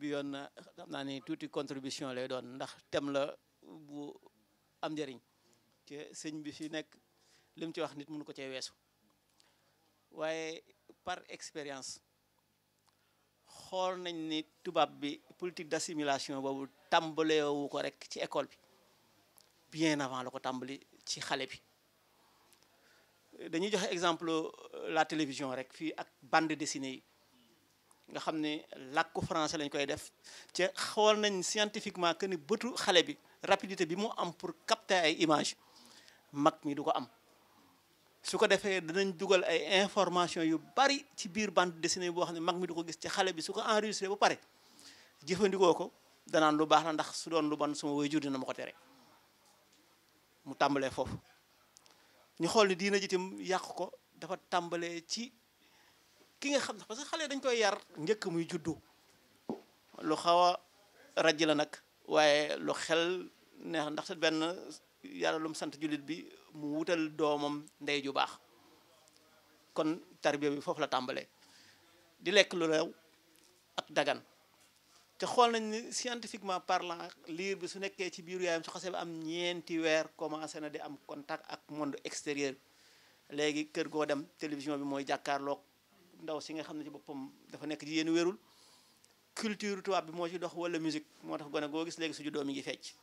bi yoon na xam naa ni tuuti contribution lay doon ndax thème la bu am njëriñ ci sëñ bi fi nekk li mu ci wax nit mënu ko cee weesu waaye par expérience xool nañ ni tubaab bi politique d'assimilation boobu tàmbalewu ko rek ci école bi bien avant la ko tàmbali ci xale bi dañuy joxe exemple euh, la télévision rek fii ak band dessinée yi nga xam ne làkku français lañ koy def te xool nañ scientifiquement que ni bëtu xale bi rapidité bi mu am pour capter ay image mag mi du ko am su ko defee danañ dugal ay information yu bari ci biir bande dessinée boo xam ne mag mi du ko gis ci xale bi su ko enregistré ba pare jëfandikoo ko danaan lu baax la ndax su doon lu bon suma waajur dina ma ko tere mu tàmbalee foofu ñu xool ni diina jitim yàq ko dafa tàmbalee ci ki nga xam ne parce que xale dañ koy yar njëkk muy juddu lu xaw a raj la nag waaye lu xel neex ndaxte benn yàlla lum sant jullit bi mu wutal doomam ndey ju baax kon tarbiya bi foofu la tàmbalee di lekk lu rew ak dagan te xool nañ ni scientifiquement parlant liir bi su nekkee ci biiru yaayam su xasee ba am ñeenti weer commencé na di am contact ak monde extérieur léegi kër goo dem télévision bi mooy jàkkaarloog ndaw si nga xam ne ci boppam dafa nekk ci yéen wérul culture tuwaab bi moo ci dox wala musique moo tax gone goo gis léegi su juddoo mi ngi fecc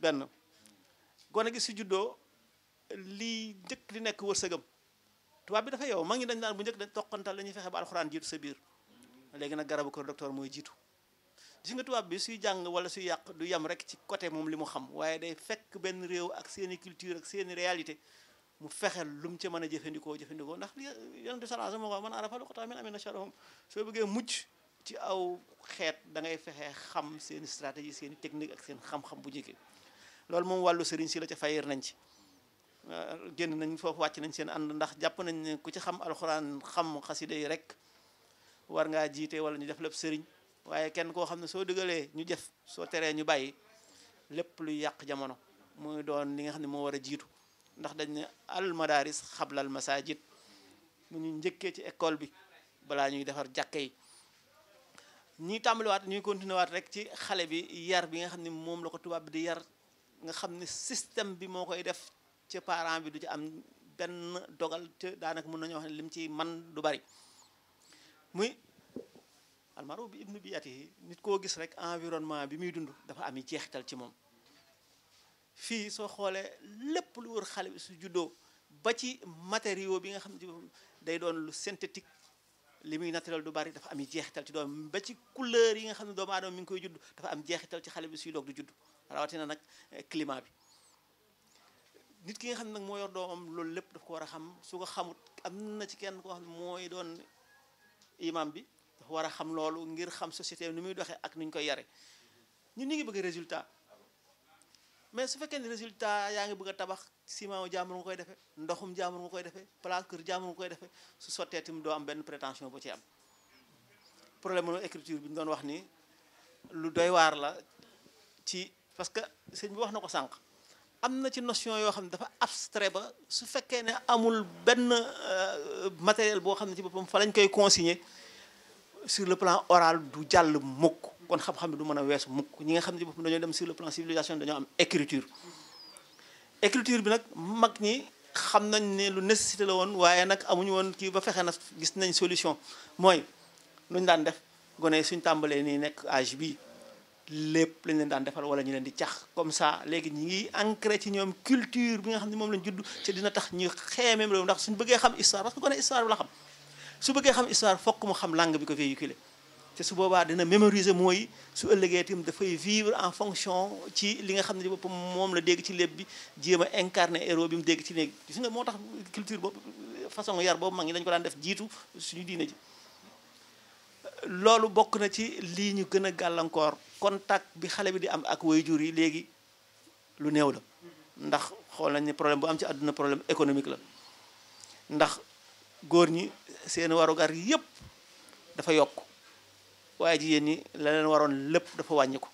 benn gone gi su juddoo lii njëkk li nekk wërsëgam tubaab bi dafa yow mag ñi dañ daan bu njëkk dañ toqantal la fexe ba alxuraan jiitu sa biir léegi nag garabu kër docteur mooy jiitu gis nga tubaab bi suy jàng wala suy yàq du yam rek ci côté moom li mu xam waaye day fekk benn réew ak seeni culture ak seeni réalité mu fexel lu mu ci mën a jëfandikoo jëfandikoo ndax yonent bi sallallahu alayhi wa sallam moo ko man arafa luqata min amali nasharahum soo bëggee mucc ci aw xeet da ngay fexe xam seen stratégie seen technique ak seen xam-xam bu njëkk loolu moom wàllu sëriñ si la ca fayir nañ ci génn nañ foofu wàcc nañ seen ànd ndax jàpp nañ ne ku ci xam alxuraan xam xasida yi rek war ngaa jiite wala ñu def lépp sëriñ waaye kenn koo xam ne soo dëgalee ñu def soo teree ñu bàyyi lépp luy yàq jamono muy doon li nga xam ne moo war a jiitu ndax dañ ne al madaris xablal masajid mu ñu njëkkee ci école bi balaa ñuy defar jàkka yi ñuy tàmbaliwaat ñuy continuer waat rek ci xale bi yar bi nga xam ne moom la ko tubaab bi di yar nga xam ne système bi moo koy def ci parent bi du ci am benn dogal te daanaka mën nañu wax ne lim ci man du bari muy almaru bi ibnu bi at yi nit koo gis rek environnement bi muy dund dafa am yi jeexital ci moom fii soo xoolee lépp lu wër xale bi su juddoo ba ci matériaux bi nga xam ne day doon lu synthétique li muy naturel du bari dafa am jeexital ci doom ba ci couleur yi nga xam ne doomu aadama mi ngi koy juddu dafa am jeexital ci xale bi suy doog di judd rawatina nag eh, climat bi nit ki nga xam ne nag moo yor doomam loolu lépp daf ko war a xam su ko xamut am na ci kenn ko xam ne mooy doon imam bi dafa war a xam loolu ngir xam société ni muy doxee ak ni koy yare ñun ñu ngi bëgg résultat mais su fekkee ni résultat yaa ngi bëgg a tabax ciment wu jàmbur nga koy defee ndoxum jàmbur nga koy defee place kër jàmbur nga koy defee su sottee tamit doo am benn prétention bu ci am problème mu écriture bi ñu doon wax ni lu doy waar la ci parce que sëñ bi wax na ko sànq am na ci notion yoo xam ne dafa abstrait ba su fekkee ne amul benn euh, matériel boo xam ne ci boppam fa lañ koy consigner sur le plan oral du jàll mukk kon xam-xam bi du mën a weesu mukk ñi nga xam ne boppam dañoo dem sur le plan civilisation dañoo am écriture écriture bi nag mag ñi xam nañ ne lu nécessité la woon waaye nag amuñu woon kii ba fexe na gis nañ solution mooy lu ñu daan def gone suñ tàmbalee nii nekk âge bi lépp lañ leen daan defal wala ñu leen di cax comme ça léegi ñi ngi ancré ci ñoom culture bi nga xam ne moom lañ judd ci dina tax ñu xeemeem réew ndax suñ bëggee xam histoire parce que gone xam su bëggee xam histoire fokk mu xam langue bi ko véhiculé te su boobaa dina mémoriser mooy su ëllëgee itam dafay vivre en fonction ci li nga xam ne boppam moom la dégg ci lépp bi jéem a incarner héros bi mu dégg ci néeg gis nga moo tax culture boobu façon yar boobu mag ñi dañu ko daan def jiitu suñu diine loolu bokk na ci lii ñu gën a gàllankoor contact bi xale bi di am ak jur yi léegi lu néew la ndax xool nañ ne problème bu am ci àdduna problème économique la ndax góor ñi seen warugar yépp dafa yokk waaye jigéen ñi la leen waroon lépp dafa wàññiku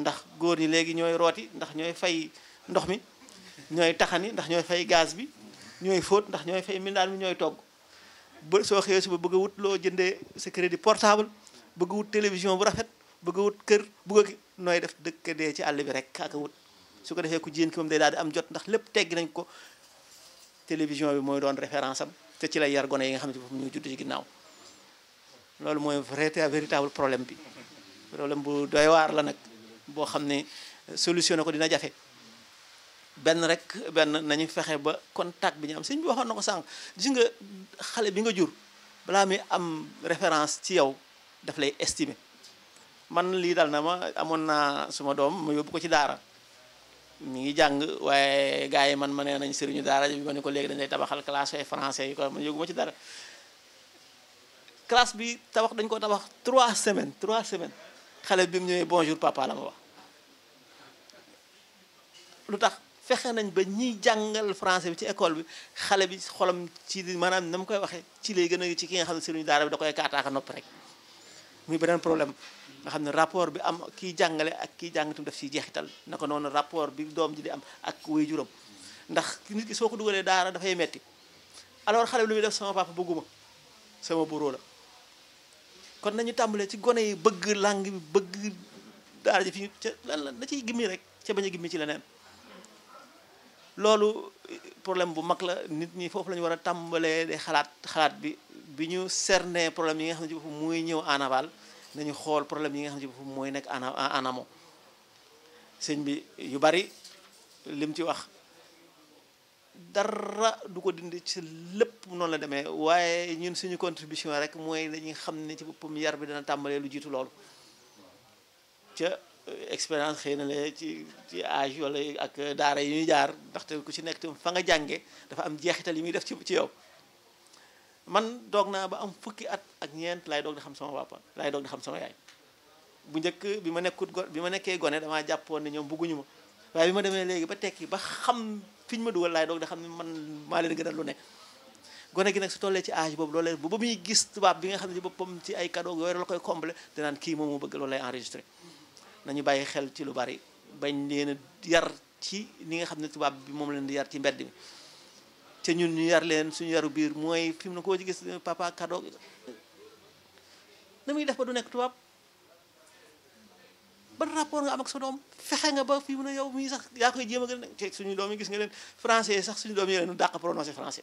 ndax góor ñi léegi ñooy rooti ndax ñooy fay ndox mi ñooy taxani ndax ñooy fay gaz bi ñooy fóot ndax ñooy fay mindaan mi ñooy togg ba soo xëyee suba bëgg a wut loo jënde sa crédit portable bëgg a wut télévision bu rafet bëgg a wut kër bëgg a nooy def dëkk dee ci àll bi rek ak a wut su ko defee ku jigéen ki moom day daal am jot ndax lépp teggi nañ ko télévision bi mooy doon référence am te ci lay yar yi nga xam ne moom ñoo judd ci ginnaaw loolu mooy vrai véritable problème bi problème bu doy waar la nag boo xam ne solution na ko dina jafe benn rek benn nañu fexe ba contact bi ñu am sëñ bi waxoon na ko sànq gis nga xale bi nga jur balaa muy am référence ci yow daf lay estimer man lii dal na ma amoon naa suma doom ma yóbbu ko ci daara mi ngi jàng waaye gars yi man ma nee nañ sëriñu daara bi ma ne ko léegi dañ lay tabaxal classe ay français yi ko man yóbbu ma ci dara classe bi tabax dañ ko tabax trois semaine trois semaine xale bi mu ñëwee bonjour papa la ma lu tax fexe nañ ba ñiy jàngal francais bi ci école bi xale bi xolam ci maanaam na mu koy waxee ci lay gën a ci ki nga xam bi da koy kaataaka nopp rek muy beneen problème nga xam ne rapport bi am kiy jàngale ak kiy jàng itam daf ciy jeexital naka noonu rapport bi doom ji di am ak waajuram ndax nit ki soo ko dugalee daara dafay metti alors xale bi lu muy def sama papa bëgguma sama bureau la kon nañu tàmbalee ci gone yi bëgg langue bi bëgg daara ji fi lan la na ciy gimmi rek ca bañ a gimmi ci leneen loolu problème bu mag la nit ñi foofu la ñu war a tàmbalee di xalaat xalaat bi bi ñu cerner problème yi nga xam ne ci boppam mooy ñëw en aval nañu xool problème yi nga xam ne ci boppam mooy nekk en en amont sëñ bi yu bari lim ci wax dara du ko dindi ci lépp noonu la demee waaye ñun suñu contribution rek mooy dañuy xam ne ci boppam yar bi dana tàmbalee lu jiitu loolu ca euh, expérience xëy na la ci ci âge ak daara yi ñuy jaar ndaxte ku ci nekk tam fa nga jànge dafa am jeexital yi muy def ci ci yow man doog naa ba am fukki at ak ñeent laay doog di xam sama papa lay doog di xam sama yaay bu njëkk bi ma nekkut go ma nekkee gone damaa jàppoon ne ñoom bugguñu ma waaye bi ma demee léegi ba tekki fi ñu ma dugal laay doog da xam ne man maa leen a lu ne gone gi nag su tollee ci âge boobu loolee ba ba muy gis tubaab bi nga xam ne ci boppam ci ay cadeau yooyu la koy combler danaan kii moom moo bëgg loolu lay enregistré nañu bàyyi xel ci lu bari bañ leen a yar ci ni nga xam ne tubaab bi moom leen di yar ci mbedd mi te ñun ñu yar leen suñu yaru biir mooy fi mu ne koo ci gis papa cadeau na muy def ba du nekk tubaab ban rapport nga am ak sa doom fexe nga ba fi mu ne yow mii sax yaa koy jéem a gën a suñu doom yi gis nga leen français sax suñu doom yi leen dàq prononcé français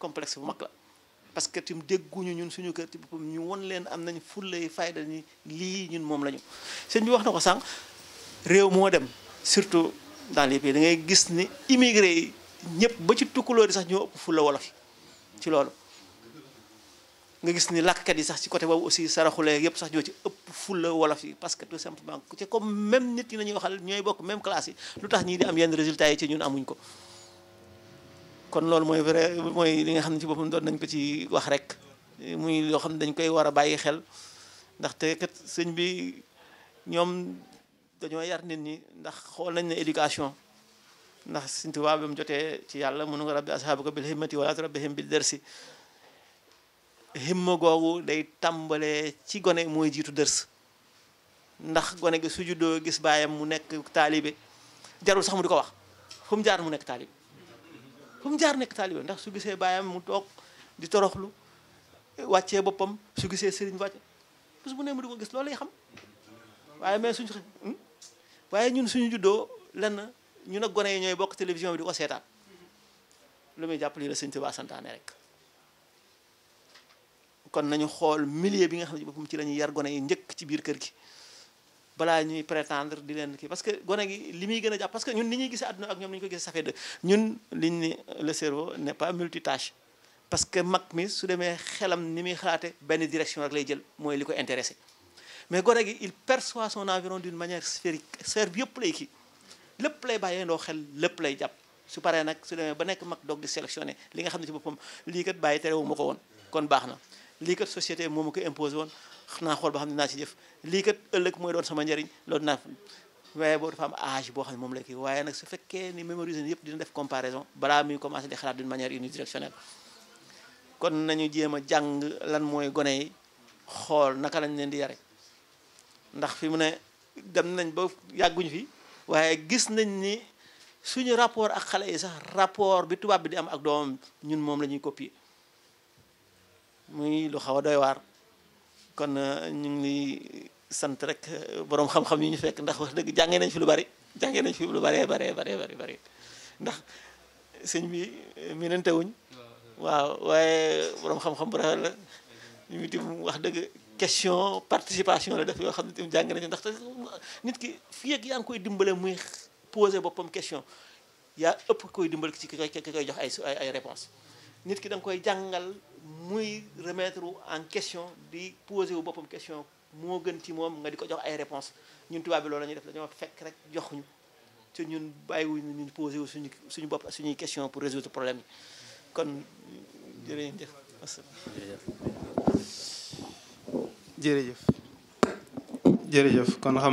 complexe bu mag la parce que tim dégguñu ñun suñu kër ci ñu won leen am nañ fullay fayda ni lii ñun moom la ñu sëñ bi wax na ko sànq réew moo dem surtout dans les pays da ngay gis ni immigré yi ñëpp ba ci tukkuloo di sax ñoo ëpp fulla wolof yi ci loolu nga gis ni làkkat yi sax ci côté boobu aussi saraxulee yëpp sax ñoo ci ëpp ëpp fulla wolof yi parce que tout simplement te comme même nit ñi nañuy waxal ñooy bokk même classe yi lu tax ñii di am yenn résultats yi ci ñun amuñ ko kon loolu mooy vrai mooy li nga xam ne ci boppam doon nañ ko ci wax rek muy loo xam ne dañ koy war a bàyyi xel ndaxte kat sëñ bi ñoom dañoo yar nit ñi ndax xool nañ ne éducation ndax Sëñ Tuubaa bi mu jotee ci yàlla mënu nga rabbi ashaabaka bil himmati wala turabbihim bil dersi himma googu day tàmbalee ci gone mooy jiitu dërs ndax gone gi su juddoo gis baayam mu nekk taalibe jarul sax mu di ko wax fu mu jaar mu nekk taalibe fu jaar nekk taalibe ndax su gisee baayam mu toog di toroxlu wàccee boppam su gisee sëriñ wàcce bés bu ne mu di ko gis loolu lay xam waaye mais suñu hmm? waaye ñun suñu juddoo lenn ñu nag gone yi ñooy bokk télévision bi di ko seetaan lu muy jàpp lii la sëñ Tuubaa santaane rek kon nañu xool millier bi nga xam ne boppam ci la ñuy yar gone yi njëkk ci biir kër gi balaa ñuy prétendre di leen ki parce que gone gi li muy gën a jàpp parce que ñun ni ñuy gisee àdduna ak ñoom ni ñu ko gisee safee de ñun liñ ni le cerveau ne pas multitâche parce que mag mi su demee xelam ni muy xalaate benn direction rek lay jël mooy li ko intéressé mais gone gi il perçoit son environ d'une manière sphérique sphère bi yëpp lay ki lépp lay bàyyee ndoo xel lépp lay jàpp su paree nag su demee ba nekk mag doog di sélectionné li nga xam ne ci boppam lii kat bàyyi terewu ma ko woon kon baax na lii kat société bi moom ko imposé woon naa xool ba xam ne naa ci jëf lii kat ëllëg mooy doon sama njëriñ loolu naa waaye boo dafa am âge boo xam ne moom la waaye nag su fekkee ni mémoriser yëpp dina def comparaison balaa muy commencé di xalaat d'une manière unidirectionnelle kon nañu jéem a jàng lan mooy gone yi xool naka lañ leen di yare ndax fi mu ne dem nañ ba yàgguñu fi waaye gis nañ ni suñu rapport ak xale yi sax rapport bi tubaab bi di am ak doom ñun moom la ñuy copier muy lu xaw a doy waar kon euh, ñu ngi sant rek euh, borom xam-xam yi ñu fekk ndax wax dëgg jàngee nañ fi lu bari jàngee nañ fi lu bari bari bari bari bari ndax sëñ bi euh, minante wuñ waaw waaye borom xam-xam bu rafet la ñu ngi tim wax dëgg question participation la def yoo xam ne tim jàng nañ ndax nit ki fi ak yaa ngi koy dimbale muy poser boppam question yaa ëpp koy dimbale ci ki koy ki koy jox ay ay ay réponse nit ki da nga koy jàngal muy remettre en question di poser wu boppam question moo gën ci moom nga di ko jox ay réponses ñun tubaab bi loolu la ñuy def dañoo fekk rek jox ñu te ñun bàyyiwuñu ñun posé wu suñu suñu bopp suñuy question pour résoudre problème yi kon jërëjëf. jërëjëf jërëjëf kon xam.